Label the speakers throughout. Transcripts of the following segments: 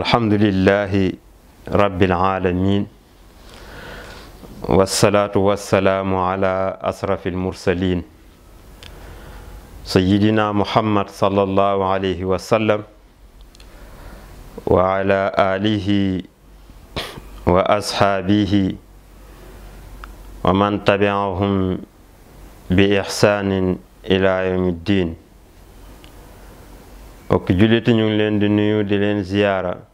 Speaker 1: alhamdulillahi rabbil alamin wasalaatu wasalaamu ala asrafil mursalin sayidina muhammad sallallahu alayhi wa sallam wa ala alihi wa ashaabihi wa man tabiahum bi ixsaanin ila yawmi ddin ok jullit ñu ngi leen di nuyu di leen ziyaara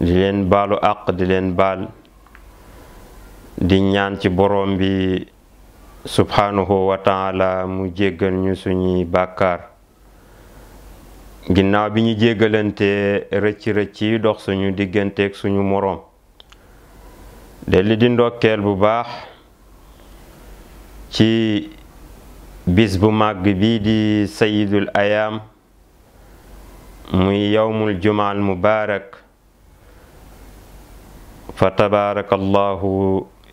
Speaker 1: di leen baalu àq di leen baal di ñaan ci boroom bi subhaanahu wa mu jéggal ñu suñuy bàkkaar ginnaaw bi ñu jéggalante rëcc rëcc yi dox suñu digganteek suñu moroom delli di ndokkeel bu baax ci bis bu màgg bi di sayidul ayam muy yowmul jumaal mubaarak fa tabaarakallahu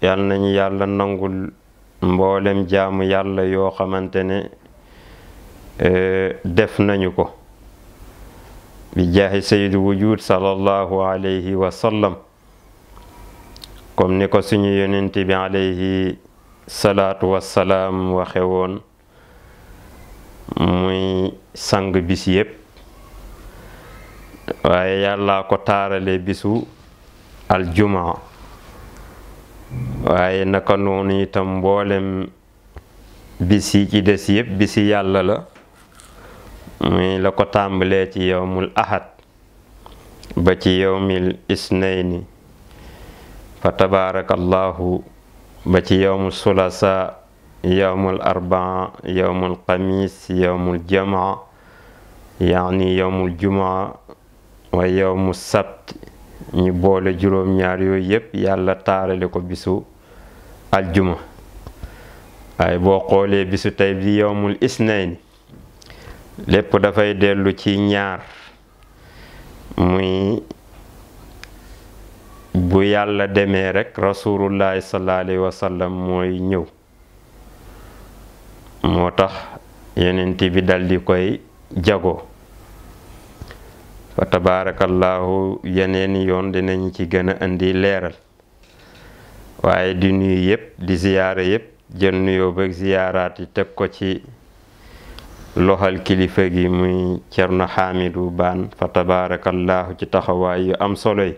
Speaker 1: yal nañu yàlla nangul mboolem jaamu yàlla yoo xamante ne e, def nañu ko bi jaahi sayid wujud sallallahu alayhi wa sallam ni ko suñu yonent bi alayhi salaatu wassalaam waxe woon muy sang bis yépp waaye yàllaa ko taarale bisu aljumaa waaye naka noonu itam mboolem bis yi ci des yépp yàlla la muy la ko tàmbalee ci yowmul ahad ba ci fa tabaarakallahu ba ci yowmul sulasa yowmul arbaa yowmul xamis yowmul jamaa yaani yowmul jumaa wa yowmul sabt ñu boole juróom-ñaar yooyu yépp yàlla taarale ko bisu aljuma waaye boo xoolee bisu tey bi yowmul isnayni lépp dafay dellu ci ñaar muy bu yàlla demee rekk rasulullahi sallallahu alayhi wa sallam mooy ñëw moo tax yonent bi daldi koy jago fa tabaarakallaahu yeneen yoon dinañ ci gën a indi leeral waaye di nuyu yëpp di ziyaara yëpp jël nuyoo ba yi teg ko ci loxal kilifa gi muy Cerno Xaamidu Baan fa tabaarakallaahu ci taxawaay yu am solo yi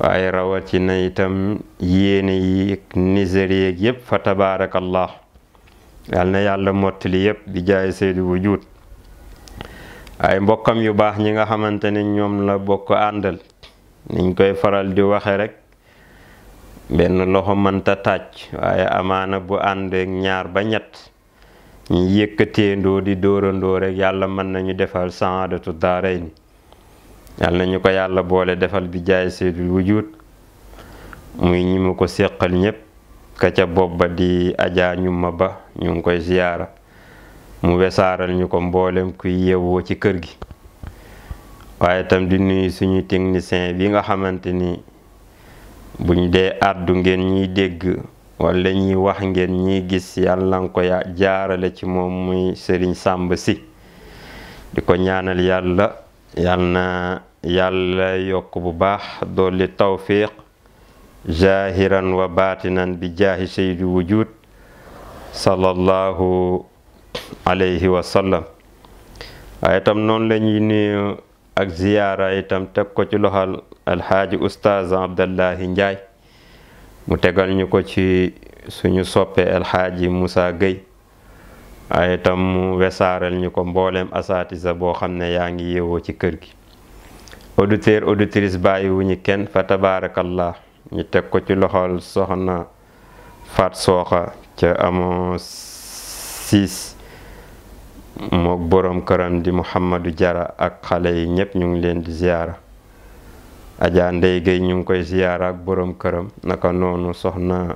Speaker 1: waaye rawatina itam yéene yi niserie yëpp fa tabaarakallaahu yal na yàlla mottali yëpp di jaay seydu wujud ay mbokkam yu baax ñi nga xamante ni ñoom la bokk àndal niñ koy faral di waxe rekk benn loxo mënta tàcc waaye amaana bu àndeek ñaar ba ñett ñu yëkkateendoo di doorandoo rekk yàlla mën nañu defal saadatu daaray ni yàlla nañu ko yàlla boole defal bi jaay seydul wujud muy ñi ko séqal ñépp ka ca bopp ba di ajaa ñuma ba ñu ngi koy ziyaara mu wesaaral ñu ko mboolem kuy yeewoo ci kër gi waaye tam di nuyu suñu technicien bi nga xamante ni buñ dee àddu ngeen ñiy dégg wala ñuy wax ngeen ñi gis yàlla nga ko jaarale ci moom muy Serigne Samb si di ko ñaanal yàlla yal na yàlla yokk bu baax dolli tawfiq zahiran wa baatinan bi jaahi saydi wujud sallallahu alayhi wa sallam waaye noonu la ñuy ak ziyaara itam teg ko ci loxal alxaaji ustaaz Abdallahi Njaay mu tegal ñu ko ci suñu soppe alxaaji Moussa Gueye waaye itam mu ñu ko mbooleem asaatisa boo xam ne yaa ngi yeewoo ci kër gi auditeur auditrice bàyyi wu kenn fa tabaarakallah ñu teg ko ci loxol soxna Fat Sooxa ca amoo siis moo boroom këram di mu Mouhamadou Jara ak xale yi ñëpp ñu ngi leen di ziyaara Adja Ndeye Gueye ñu ngi koy ziyaara ak boroom këram naka noonu soxna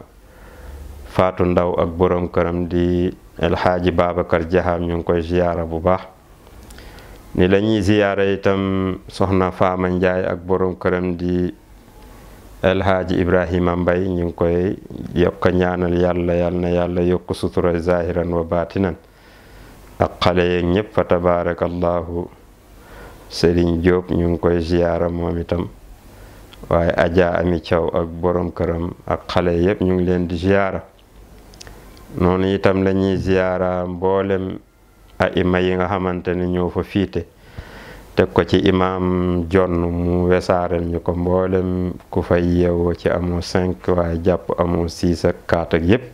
Speaker 1: Faatu Ndaw ak boroom këram di El Hadji Babacar Jaxaam ñu ngi koy ziyaara bu baax ni lañuy ziyaara itam soxna Faama Njaay ak boroom këram di El Hadji Ibrahima Mbay ñu ngi koy yokk ñaanal yàlla yàlla na yàlla yokk sutura zahiran wa baatinan ak xale yeeg ñëpp fa tabaarakallaahu Serigne Diop ñu ngi koy ziyaara moom itam waaye Adja Ami Thiaw ak borom këram ak xale yëpp ñu ngi leen di ziyaara noonu itam lañuy ziyaara mboolem aima yi nga xamante ne ñoo fa fiite teg ko ci imaam jonn mu wesaareel ñu ko mboolem ku fay yeewoo ci amoo cinq waaye jàpp amoo six ak quatre yëpp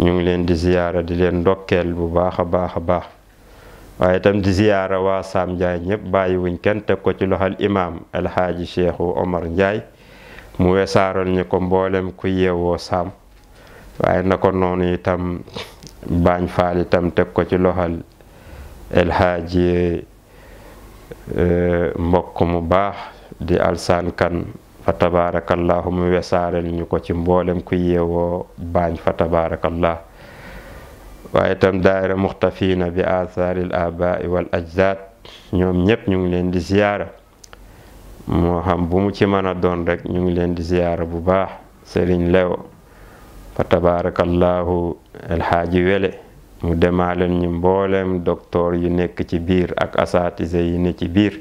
Speaker 1: ñu ngi leen di ziyaara di leen ndokkeel bu baax a baax a baax waaye tam di ziyaara waa Sam Ndiaye ñëpp bàyyiwuñ kenn teg ko ci loxal imaam alxaaji Cheikhu Omar Ndiaye mu weesaaral ñu ko mboolem ku yeewoo Sam waaye na ko noonu itam baañ faal tam teg ko ci loxal eh, mbokk mu baax di alsaan kan fa tabaarakallahu mu wesaareel ñu ko ci mboolem ku yeewoo baañ fa tabaarakallah waaye itam daayira muxtafiina bi athaaril abaai wal ajdaad ñoom ñépp ñu ngi leen di ziyaara moo xam bu mu ci mën a doon rekk ñu ngi leen di ziyaara bu baax sëriñ lew fa tabaarakallahu alxaaji wele mu demaaleen ñu mboolem doktoor yu nekk ci biir ak asaatise yi nekk ci biir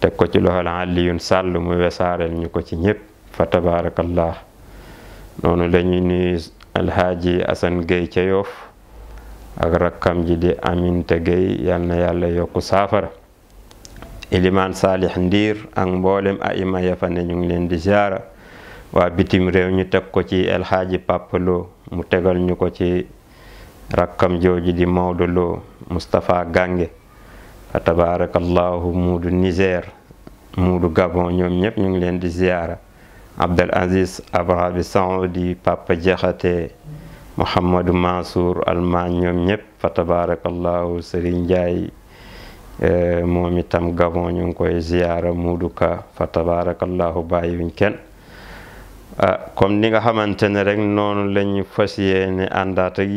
Speaker 1: teg ko ci loxol Aliyun Sàll mu wesaareel ñu ko ci ñëpp fa tabaarakallah noonu la ñuy nuyu Asan Géy ca ak rakkam ji di Aminta Géy yal yàlla yokku saafara ilimaan saalix ndiir ak mboolem a ima ya ne ñu ngi leen di ziara waa bitim réew ñu teg ko ci alhaaji Papaloo mu tegal ñu ko ci rakkam jooju di Maodo Loo Moustapha Gange fa tabarakallahu muudu Niger muudu Gabon ñoom ñëpp ñu ngi leen di ziyaara Abdel Aziz Abrabi Saoudi Papa Jaxate Mouhamadou Mansour Almaañ ñoom ñëpp fa tabarakallahu Serigne Ndiaye eh, moom itam Gabon ñu ngi koy ziyaara muudu ka fa tabarakallahu bàyyiwuñ kenn ah comme ni nga xamante ne rek noonu lañu fas yéene àndaat ak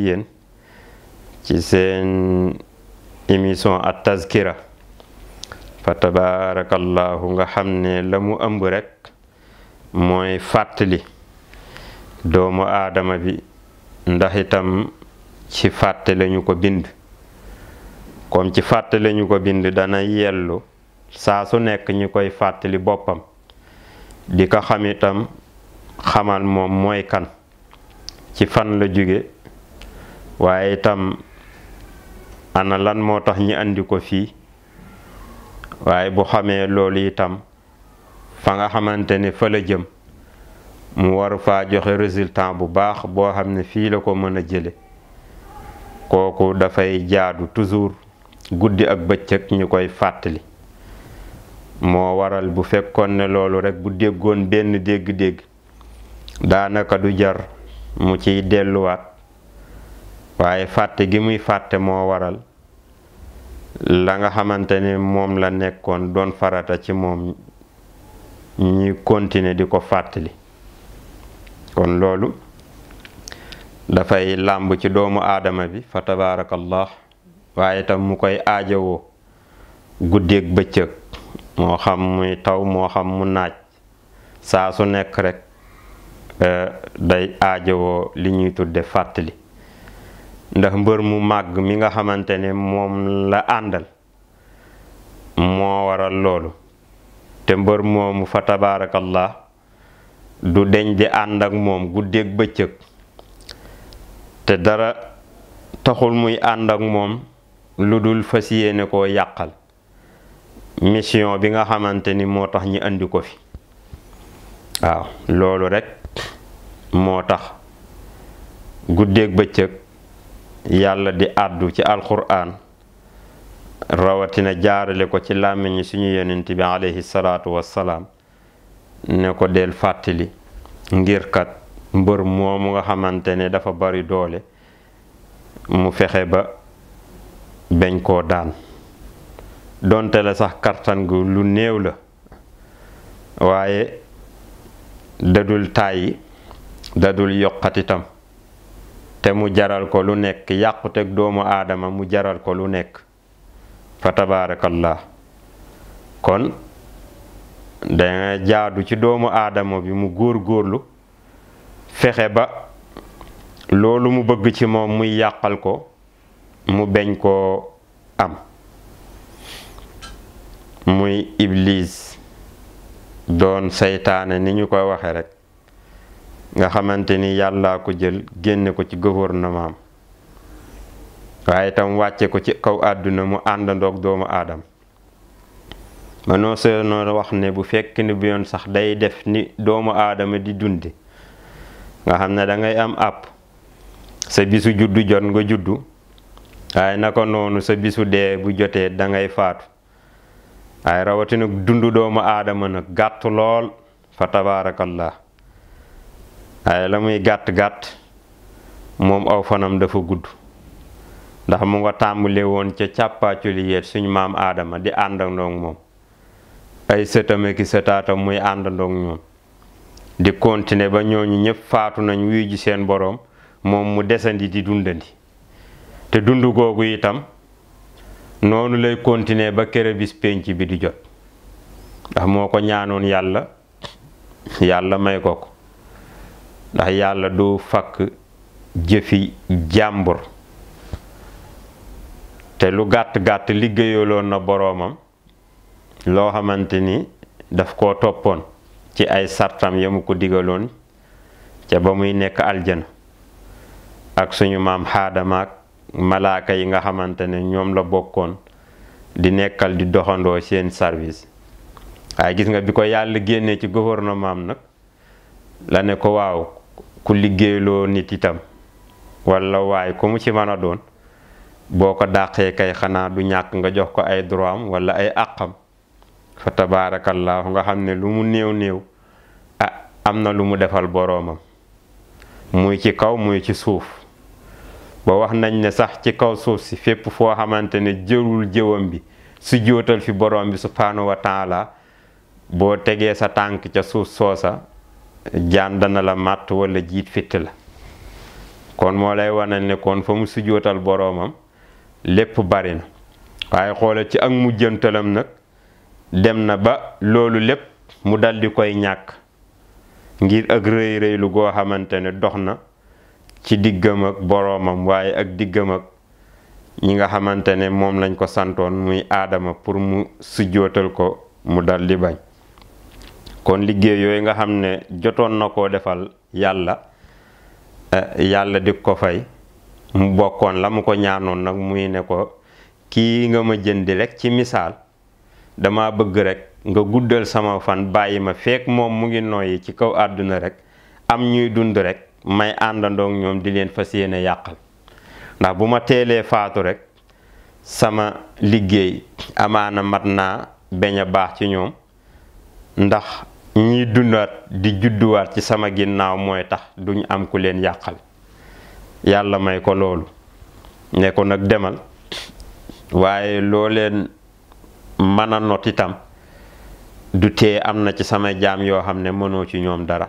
Speaker 1: émission at tazkira fa tabaarakallaahu nga xam ne la mu ëmb rekk mooy fàttali doomu aadama bi ndax itam ci fàtte lañu ko bind comme ci fàtte lañu ko bind dana yellu saa su nekk ñu koy fàttali boppam di ko xam itam xamal moom mooy kan ci fan la jóge waaye itam ana lan moo tax ñi andi ko fii waaye bu xamee loolu itam fa nga xamante ne fa la jëm mu war faa joxe résultant bu baax boo xam ne fii la ko mën a jële kooku dafay jaadu toujours guddi ak bëccëg ñu koy fàttali moo waral bu fekkoon ne loolu rekk bu déggoon benn dégg-dégg daanaka du jar mu ciy delluwaat waaye fàtte gi muy fàtte moo waral la nga xamante ni moom la nekkoon doon farata ci moom ñi continuer di ko fàttali kon loolu dafay làmb ci doomu aadama bi fa tabaarakallah waaye tam mu koy aajowoo guddeeg bëccëg moo xam muy taw moo xam mu naaj saa su nekk rek eh, day aajowoo li ñuy tudde fàttali ndax mbër mu màgg mi nga xamante ne moom la àndal moo waral loolu te mbër moomu fa tabaarakallah du deñ di ànd ak moom guddeeg bëccëg te dara taxul muy ànd ak moom lu dul fas yéene koo yàqal mission bi nga xamante ni moo tax ñi andi ko fi waaw loolu rekk moo tax guddeeg bëccëg yàlla di àddu ci alxuraan rawatina jaarale ko ci làmmiñi suñu yonent bi aleyhi salaatu wassalaam ne ko del fàttali ngir kat mbër moomu nga xamante ne dafa bari doole mu fexe ba beñ koo daan donte la sax kartan gu lu néew la waaye dadul tàyyi dadul yokkatitam te mu jaral ko lu nekk yàquteg doomu aadama mu jaral ko lu nekk fa tabaarakallah kon danga jaadu ci doomu aadama bi mu góor góorlu fexe ba loolu mu bëgg ci moom muy yàqal ko mu beñ koo am muy iblis doon seytaane ni ñu ko waxe rekk nga xamante ni yàllaa ko jël génne ko ci gouvernement am waaye itam wàcce ko ci kaw àdduna mu àndandoog doomu aadam manoo seenoo wax ne bu fekk ni bu yoon sax day def ni doomu aadama di dundi nga xam ne dangay am àpp sa bisu juddu jot nga juddu waaye naka noonu sa bisu dee bu jotee dangay faatu waaye rawatina dundu doomu aadama nag gàtt lool fa tabaarakallah waaye la muy gàtt gàtt moom aw fanam dafa gudd ndax mu nga tàmbalee woon ca càppaaculi yeet suñu maam aadama di àndandoog moom ay sëtame ki sëtaatam muy àndandoog ñoom di continuer ba ñooñu ñëpp faatu nañ wuy ji seen boroom moom mu desandi di dundandi te dund googu itam noonu lay continuer ba kër bis pénc bi di jot ndax moo ko ñaanoon yàlla yàlla may ko ko ndax yàlla du fakk jëfi jàmbur te lu gàtt-gàtt liggéeyaloon na boroomam loo xamante ni daf ko toppoon ci ay sartam ya mu ko digaloon ca ba muy nekk aljana ak suñu maam xaadamaak malaaka yi nga xamante ne ñoom la bokkoon di nekkal di doxandoo seen sarwis waaye gis nga bi ko yàlla génnee ci gouvernement am nag la ne ko waaw ku liggéeyloo nit itam walla waaye ku mu ci mën a doon boo ko dàqee kay xanaa du ñàkk nga jox ko ay droit am walla ay àqam fa tabaarakallaahu nga xam ne lu mu néew néew ah am na lu mu defal boroomam muy ci kaw muy ci suuf ba wax nañ ne sax ci kaw suuf si fépp foo xamante ne jërul jëwam bi su jóotal fi boroom bi subhaanahu wa taala boo tegee sa tànk ca suuf soosa jaan dana la màtt walla jiit fitt la kon moo lay wanal ne kon fa mu sujootal boroomam lépp bari na waaye xoolal ci ak mujjantalam nag dem na ba loolu lépp mu daldi koy ñàkk ngir ak rëy rëy goo xamante ne dox na ci diggam ak boroomam waaye ak diggam ak ñi nga xamante ne moom lañ ko santoon muy aadama pour mu sujjootal ko mu daldi bañ kon liggéey yooyu nga xam ne jotoon na koo defal yàlla eh, yàlla di ko fay mu bokkoon la mu ko ñaanoon nag muy ne ko kii nga ma jëndi rekk ci misaal dama bëgg rekk nga guddal sama fan bàyyi ma feek moom mu ngi noyyi ci kaw àdduna rekk am ñuy dund rekk may àndandoog ñoom di leen fa yéene yàqal ndax bu ma teelee faatu rekk sama liggéey amaana mat naa beña baax ci ñoom ndax ñiy dundaat di judduwaat ci sama ginnaaw mooy tax duñ am ku leen yàqal yàlla may ko loolu ne ko nag demal waaye loo leen mën a not itam du tee am na ci sama jaam yoo xam ne mënoo ci ñoom dara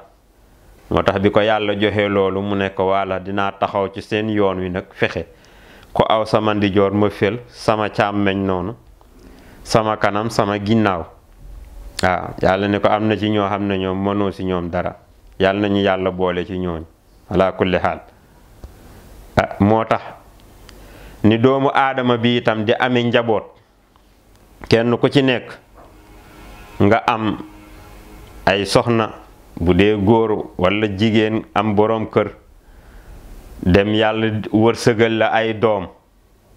Speaker 1: moo tax bi ko yàlla joxe loolu mu ne ko walla dinaa taxaw ci seen yoon wi nag fexe ko aw sama ndijoor ma fél sama càmmeñ noonu sama kanam sama ginnaaw waaw yàlla ne ko am na ci ñoo xam na ñoom mënoo si ñoom dara yàlla nañu yàlla boole ci ñooñ ala kulli xaal ah, moo tax ni doomu aadama bi itam di amee njaboot kenn ku ci nekk nga am ay soxna bu dee góor walla jigéen am boroom kër dem yàlla wërsëgal la ay doom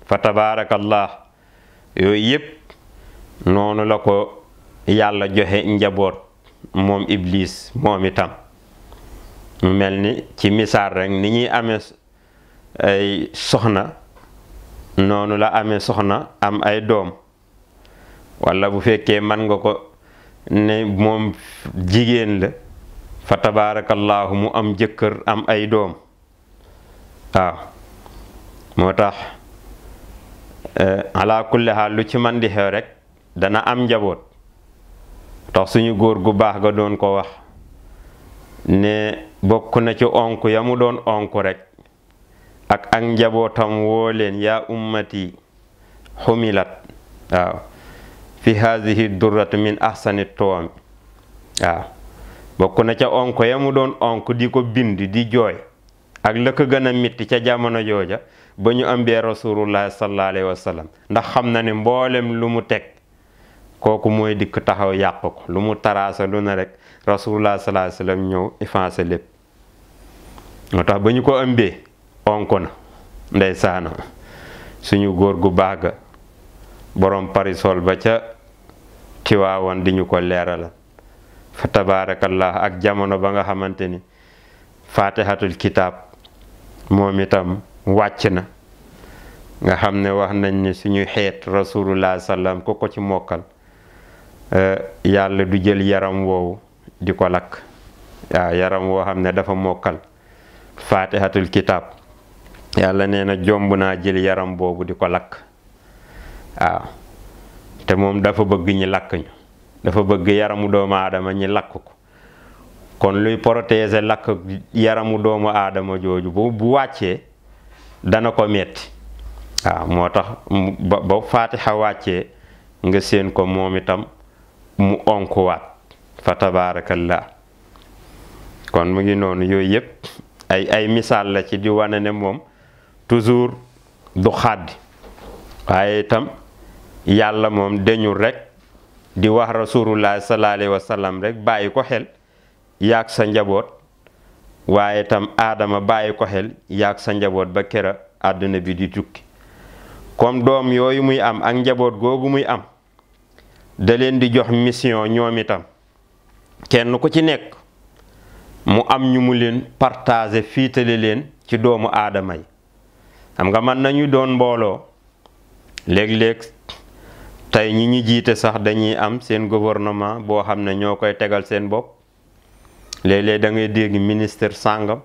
Speaker 1: fa tabaarakallah yooyu yépp noonu la ko yàlla joxe njaboot moom iblis moom itam mu mel ni ci misaal rekk ni ñuy amee ay soxna noonu la amee soxna am ay doom walla bu fekkee man nga ko ne moom jigéen la fa tabaarakallaahu mu am jëkkër am ay doom waaw moo tax eh, ala kulli haal lu ci man di xew rek dana am njaboot tax suñu góor gu baax ga doon ko wax ne bokk na ci onk ya mu doon onk rekk ak ak njabootam woo leen yaa ummati xumilat waaw fi haadihi durratu min ahsani toomi waaw bokk na ca onk ya mu doon onk di ko bind di jooy ak la gën a mitti ca jamono jooja ba ñu am rasulullah sallallahu alayhi wa sallam ndax xam na ne mboolem lu mu teg kooku mooy dikk taxaw yàq ko lu mu taraasa lu na rek rasulullah sallallahu alayhi ñëw effacé lépp moo tax ba ñu ko ëmbee onko na ndeysaana suñu góor gu baax ga borom parisol ba ca tiwaawoon di ñu ko leeralal fa tabaarakallah ak jamono ba nga xamante ni faatihatul kitaab moom itam wàcc na nga xam ne wax nañ ni suñu xeet rasulullah sallam ku ko ci mokkal Eh, yàlla du jël yaram woowu di ko lakk waaw yaram woo xam ne dafa mokkal faatihatul kitaab yàlla nee na jomb naa jël yaram boobu di ko lakk waaw te moom dafa bëgg ñi lakk ñu dafa bëgg yaramu doomu aadama ñi lakk ko kon luy protéger lakk yaramu doomu aadama jooju bu bu wàccee dana ko metti waaw moo tax ba ba faatixa wàccee nga séen ko moom itam mu onkuwaat fa tabaarakallaa kon mu ngi noonu yooyu yëpp ay ay misaal la ci di wane ne moom toujours du xaddi waaye itam yàlla moom deñul rekk di wax rasulullah sallallahu alayhi wa rek bàyyi ko xel yaag sa njaboot waaye tam aadama bàyyi ko xel yaag sa njaboot ba kera àdduna bi di tukki comme doom yooyu muy am ak njaboot googu muy am da leen di jox mission ñoom itam kenn ku ci nekk mu am ñu mu leen partager fiitale leen ci doomu aadama yi xam nga mën nañu doon mbooloo léeg-léeg tey ñi ñu jiite sax dañuy am seen gouvernement boo xam ne ñoo koy tegal seen bopp léeg dangay dégg ministre sàngam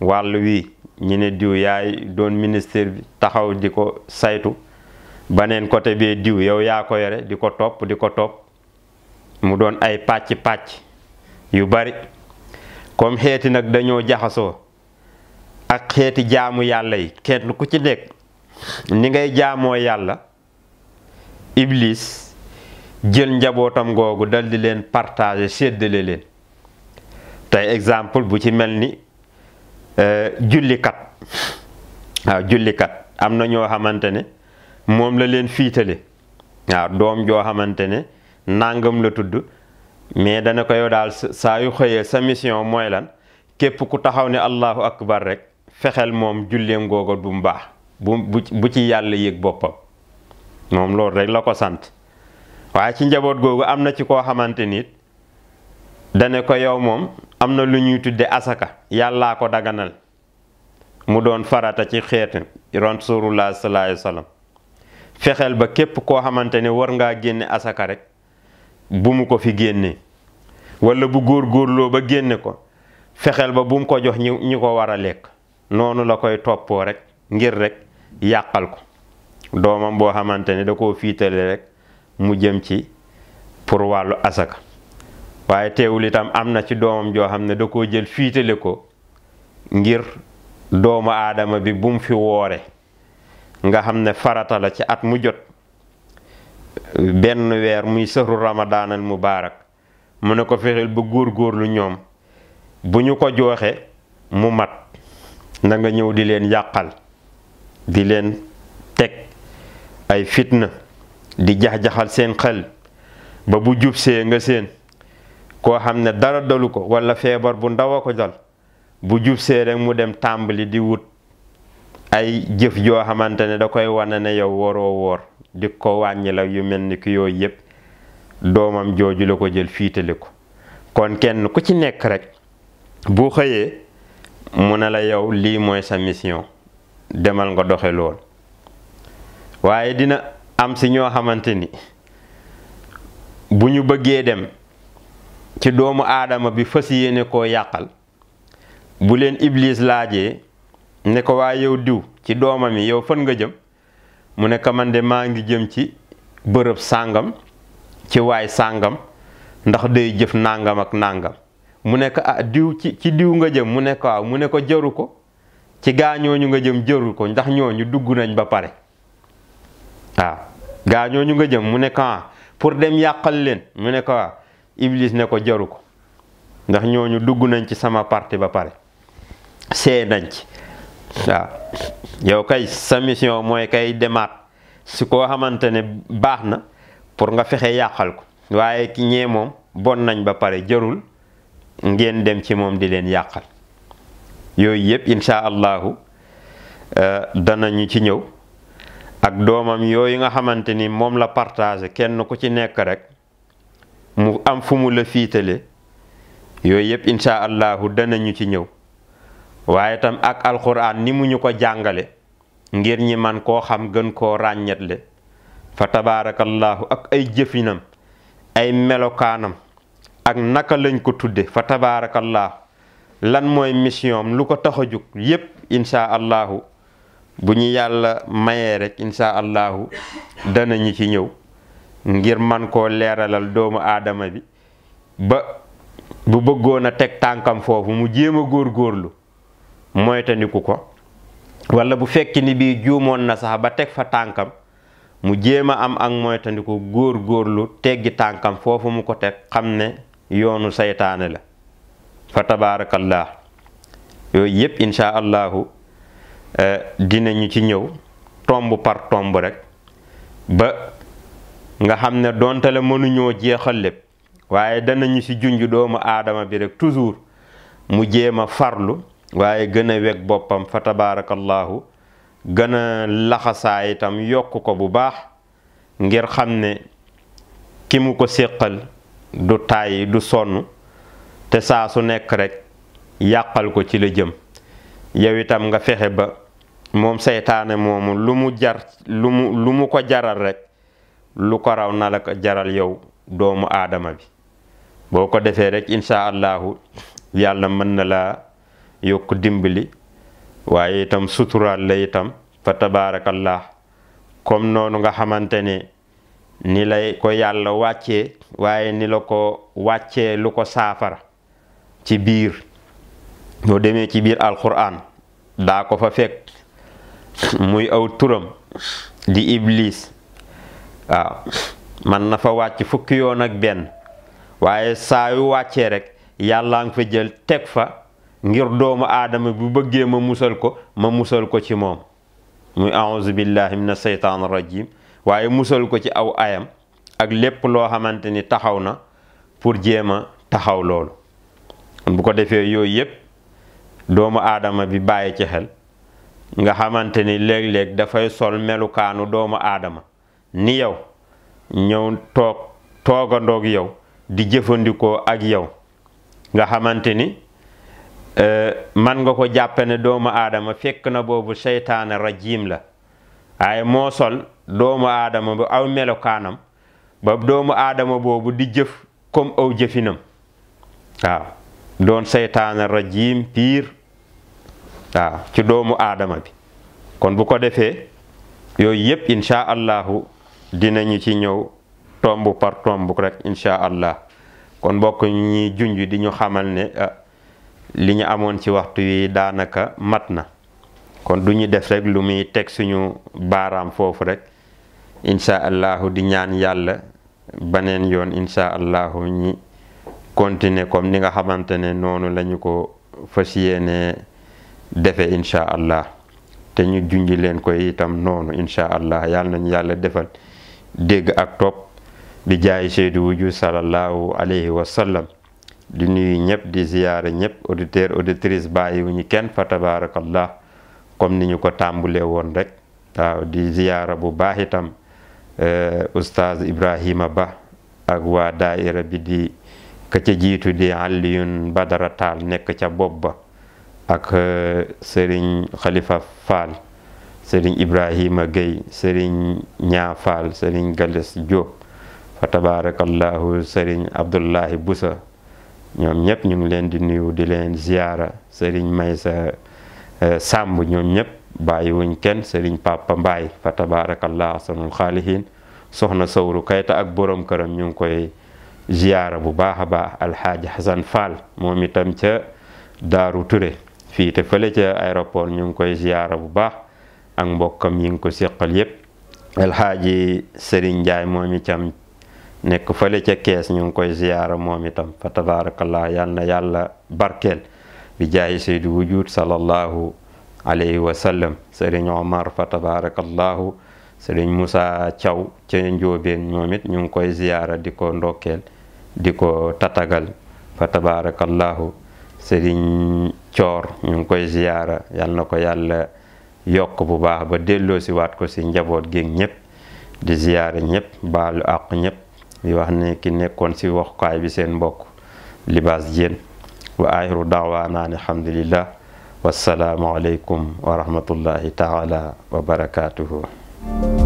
Speaker 1: wàll wi ñu ne diw yaay doon ministre bi taxaw di ko saytu baneen côté bee diw yow yaa ko yore di ko topp di ko topp mu doon ay pàcc pàcc yu bari comme xeeti nag dañoo jaxasoo ak xeeti jaamu yàlla yi xeet ku ci nekk ni ngay jaamoo yàlla iblis jël njabootam googu dal di leen partage séddale leen tey exemple bu ci mel ni euh, jullikat waaw jullikat am na ñoo xamante ne moom la leen fiitale waaw doom joo xamante ne nangam la tudd mais dana ko yow daal saa yu xëyee sa mission mooy lan képp ku taxaw ne allahu akbar rek fexeel moom julleem googa du mu baax bu bu ci yàlla yëg boppam moom loolu rek la ko sant waaye ci njaboot googu am na ci koo xamante nit dane ko yow moom am na lu ñuy tudde asaka yàllaa ko daganal mu doon farata ci xeetam rasulullah sallallahu alayhi wasallam fexeel ba képp koo xamante ne war ngaa génne asaka rekk bu mu ko fi génnee walla bu góor góorgóorloo ba génne ko fexeel ba bu mu ko jox ñi ñi ko war a lekk noonu la koy toppoo rek ngir rekk yàqal ko doomam boo xamante ne da koo fiitale rek mu jëm ci pour wàllu asaka waaye teewul itam am na ci doomam joo xam ne da koo jël fiitale ko ngir doomu aadama bi bu mu fi woore nga xam ne farata la ci at mu jot benn weer muy sëru ramadaanal mubaarak mu ne ko fexeel góor góorgóorlu ñoom bu ñu ko jooxe mu mat na nga ñëw di leen yàqal di leen teg ay fitna di jax-jaxal seen xel ba bu jubsee nga seen koo xam ne dara dalu ko walla feebar bu ndaw a ko dal bu jub see mu dem tàmbali di wut ay jëf joo xamante ne da koy wane ne yow waroo wor di ko wàññi la yu mel ni ki yooyu yëpp doomam jooju la ko jël fiitali ko kon kenn ku ci nekk rek bu xëyee mu ne la yow lii mooy sa mission demal nga doxe lool waaye dina am si ñoo xamante ni bu ñu bëggee dem ci doomu aadama bi fas yéene koo yàqal bu leen iblis laajee ne ko waa yow diw ci doomam yi yow fan nga jëm mu ne man de maa ngi jëm ci bërëb sàngam ci waay sàngam ndax day jëf nàngam ak nàngam mu ne ah diw ci ci diw nga jëm mu ne ko mu ne ko jëru ko ci gaa ñooñu nga jëm jëru ko ndax ñooñu dugg nañ ba pare waaw gaa ñooñu nga jëm mu ne ah, pour dem yàqal leen mu ne ko waaw Iblis ne ko jaru ko ndax ñooñu dugg nañ ci sama parti ba pare see nañ ci waaw yow kay sa mission mooy kay demaat si koo xamante ne baax na pour nga fexe yàqal ko waaye ki ñee moom bon nañ ba pare jërul ngeen dem ci moom di leen yàqal yooyu yëpp insha allahu euh, danañu ci ñëw ak doomam yooyu nga xamante ni moom la partagé kenn ku ci nekk rek mu am fu mu la fiitale yooyu yëpp insha allahu danañu ci ñëw waaye tam ak alxuraan ni mu ñu ko jàngale ngir ñi man koo xam gën koo ràññetle fa tabaarakallaahu ak ay jëfinam ay melokaanam ak naka lañ ko tudde fa tabaarakallaahu lan mooy mission lu ko tax a jug yépp insha allahu bu ñu yàlla mayee rek insha allahu danañu ci ñëw ngir man koo leeralal doomu aadama bi ba bu bëggoon a teg tànkam foofu mu jéem a góor góorlu moytandiku ko wala bu fekki ni bii juumoon na sax ba teg fa tànkam mu jéem a am ak moytandiku góor góorlu teggi tànkam foofu mu ko teg xam ne yoonu saytaane la fa tabaarakallah yooyu yépp insha allahu eh, dinañu ci ñëw tomb par tomb rek ba nga xam ne donte la mënuñoo jeexal lépp waaye danañu ci junj doomu aadama bi rek toujours mu jéem a farlu waaye gën a weg boppam fa tabaarakallaahu gën a laxasaay itam yokk ko bu baax ngir xam ne ki mu ko séqal du tàyyi du sonn te saa su nekk rek yàqal ko ci la jëm yow itam nga fexe ba moom seytaane moomu lu mu jar lu mu lu mu ko jaral rek lu ko raw na la jaral yow doomu aadama bi boo ko defee rek incha allahu yàlla mën na laa yokk dimbali waaye itam suturaal la itam fa tabaarakallah kom noonu nga xamante ne ni lay ko yàlla wàcce waaye ni la ko wàccee lu ko saafara ci biir boo demee ci biir alquran daa ko fa fekk muy aw turam di ibliis waaw man na fa wàcc fukki yoon ak benn waaye saa yu wàccee rek yàlla nga fa jël teg fa ngir doomu aadama bu bëggee ma musal ko ma musal ko ci moom muy auzu billahi min aseytaan rajim waaye musal ko ci aw ayam ak lépp loo xamante ni taxaw na pour jéem a taxaw loolu bu ko defee yooyu yépp doomu aadama bi bàyyi ci xel nga xamante ni léeg dafay sol melukaanu doomu aadama ni yow ñëw toog toogandoog yow di jëfandikoo ak yow nga xamante Euh, man nga ko jàppe ne doomu aadama fekk na boobu seytaane rajim la waaye moo sol doomu aadama bu aw melokaanam ba doomu aadama boobu di jëf comme aw jëfinam waaw doon seytaane rajim piir waaw ci doomu aadama bi kon bu ko defee yooyu yépp insha allahu dinañu ci ñëw tomb par tomb rek insha allah kon mbokk ñi junj di ñu xamal ne ah, li ñu amoon ci waxtu yi daanaka mat na kon du ñu def rek lu muy teg suñu baaraam foofu rek incha allahu di ñaan yàlla baneen yoon incha allahu ñi continuer comme ni nga xamante ne noonu lañu ko fas yéene defee incha allah te ñu junj leen koy itam noonu incha allah yàlla nañu yàlla defal dégg ak topp bi jaay seydi wuju sallallahu alayhi wa sallam di nuyu ñëpp di ziyaare ñëpp auditeur auditrice bàyyiwuñu kenn fa tabaarakallah comme ni ñu ko tàmbulee woon rek waaw di ziyaara bu baax itam euh, ustaz Ibrahima Ba ak waa daaira bi di ka ca jiitu di Aliyun Badara Taal nekk ca bopp ba ak euh, Serigne Khalifa Fall Serigne Ibrahima Gueye Serigne Ñaa Fall Serigne Gales Diop fa tabaarakallahu Serigne Abdullahi Busa ñoom ñëpp ñu ngi leen di nuyu di leen ziyaara sëriñ Maysa euh, Sàmb ñoom ñëpp bàyyiwuñ kenn sëriñ Papa Mbaay fa tabaarakallah ahsanul xaalihin soxna Sowru Kayta ak borom këram ñu ngi koy ziyaara bu baax a baax alxaaji Xasan moom itam ca Daaru Ture fii te fële ca aéroport ñu ngi koy ziyaara bu baax ak mbokkam yi ngi ko seqal yëpp alxaaji sëriñ Njaay moom itam nekk fële ca kees ñu ngi koy ziyaara moom itam fa tabarakallah yal na yàlla barkel bi jaayi saydu wujud sallallahu alayhi wa sallam sëriñ omar fa tabarakallahu sëriñ Moussa Thiaw ca njóobeen ñoom it ñu ngi koy ziyaara di ko ndokkeel di ko tatagal fa tabarakallahu sëriñ coor ñu ngi koy ziyaara yal na ko yàlla yokk bu baax ba delloo si ko si njaboot géeg ñëpp di ziyaara ñëpp baalu àq ñëpp mi wax ne ki nekkoon ci waxukaay bi seen mbokk libaas jéen wa ahiru daawaana an alhamdulillah wassalaamu aleykum wa rahmatullahi taala wa barakatuhu